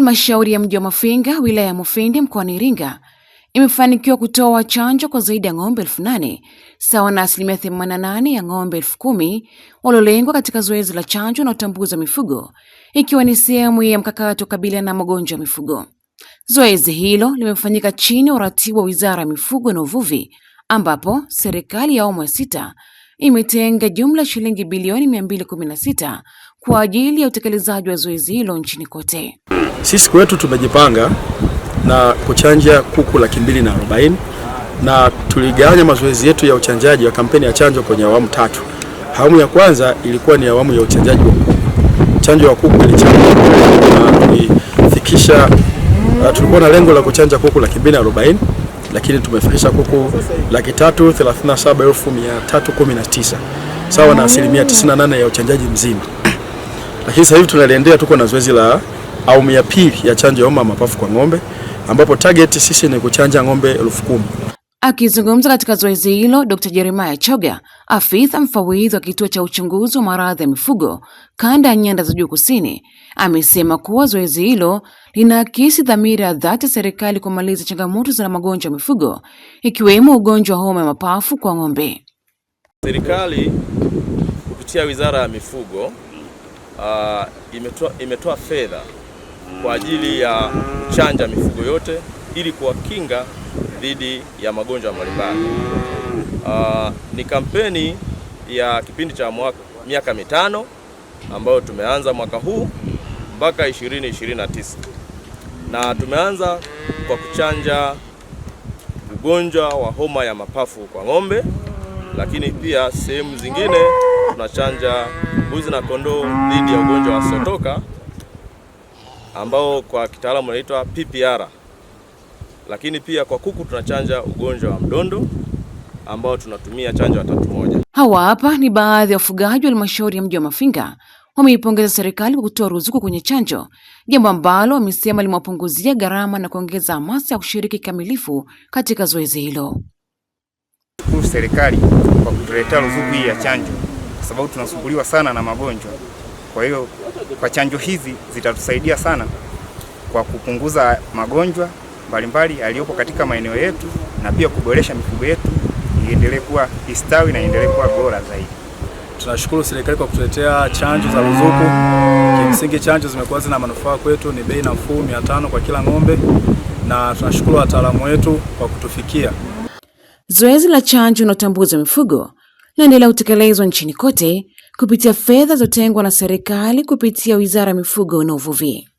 Halmashauri ya mji wa Mafinga, wilaya ya Mufindi, mkoani Iringa imefanikiwa kutoa chanjo kwa zaidi ya ng'ombe elfu nane sawa na asilimia 88 ya ng'ombe elfu kumi waliolengwa katika zoezi la chanjo na utambuzi wa mifugo ikiwa ni sehemu ya mkakati wa kukabiliana na magonjwa ya mifugo. Zoezi hilo limefanyika chini ya uratibu wa Wizara ya Mifugo na Uvuvi, ambapo serikali ya awamu ya sita imetenga jumla shilingi bilioni 216 kwa ajili ya utekelezaji wa zoezi hilo nchini kote. Sisi kwetu tumejipanga na kuchanja kuku laki mbili na arobaini na tuligawanya mazoezi yetu ya uchanjaji wa kampeni ya chanjo kwenye awamu tatu. Awamu ya kwanza ilikuwa ni awamu ya uchanjaji wa kuku. Chanjo ya kuku ilichanjwa na tulifikisha, tulikuwa na lengo la kuchanja kuku laki mbili na arobaini lakini tumefikisha kuku laki tatu thelathini na saba elfu mia tatu kumi na tisa sawa na asilimia 98 ya uchanjaji mzima, lakini sasa hivi tunaliendea, tuko na zoezi la awamu ya pili ya chanjo ya homa ya mapafu kwa ng'ombe ambapo target sisi ni kuchanja ng'ombe elfu kumi. Akizungumza katika zoezi hilo, Dkt. Jeremiah Choga, afisa mfawidhi wa kituo cha uchunguzi wa maradhi ya mifugo kanda ya Nyanda za Juu Kusini, amesema kuwa zoezi hilo linaakisi dhamira ya dhati ya serikali kumaliza changamoto za magonjwa ya mifugo ikiwemo ugonjwa wa homa ya mapafu kwa ng'ombe. Serikali kupitia Wizara ya Mifugo uh, imetoa, imetoa fedha kwa ajili ya kuchanja mifugo yote ili kuwakinga dhidi ya magonjwa mbalimbali. Uh, ni kampeni ya kipindi cha mwaka, miaka mitano ambayo tumeanza mwaka huu mpaka 2029 na tumeanza kwa kuchanja ugonjwa wa homa ya mapafu kwa ng'ombe, lakini pia sehemu zingine tunachanja mbuzi na kondoo dhidi ya ugonjwa wa sotoka ambao kwa kitaalamu unaitwa PPR. Lakini pia kwa kuku tunachanja ugonjwa wa mdondo ambao tunatumia chanjo ya tatu moja. Hawa hapa ni baadhi ya wafugaji wa halmashauri ya mji wa Mafinga wameipongeza serikali kwa kutoa ruzuku kwenye chanjo, jambo ambalo wamesema limewapunguzia gharama na kuongeza hamasa ya kushiriki kikamilifu katika zoezi hilo. Shukuru serikali kwa kutuletea ruzuku hii ya chanjo, kwa sababu tunasumbuliwa sana na magonjwa kwa hiyo kwa chanjo hizi zitatusaidia sana kwa kupunguza magonjwa mbalimbali yaliyopo katika maeneo yetu na pia kuboresha mifugo yetu iendelee kuwa istawi na iendelee kuwa bora zaidi. Tunashukuru serikali kwa kutuletea chanjo za ruzuku. Kimsingi chanjo zimekuwa zina manufaa kwetu, ni bei nafuu mia tano kwa kila ng'ombe, na tunashukuru wataalamu wetu kwa kutufikia. Zoezi la chanjo na utambuzi wa mifugo naendelea kutekelezwa nchini kote kupitia fedha zotengwa na serikali kupitia Wizara ya Mifugo na Uvuvi.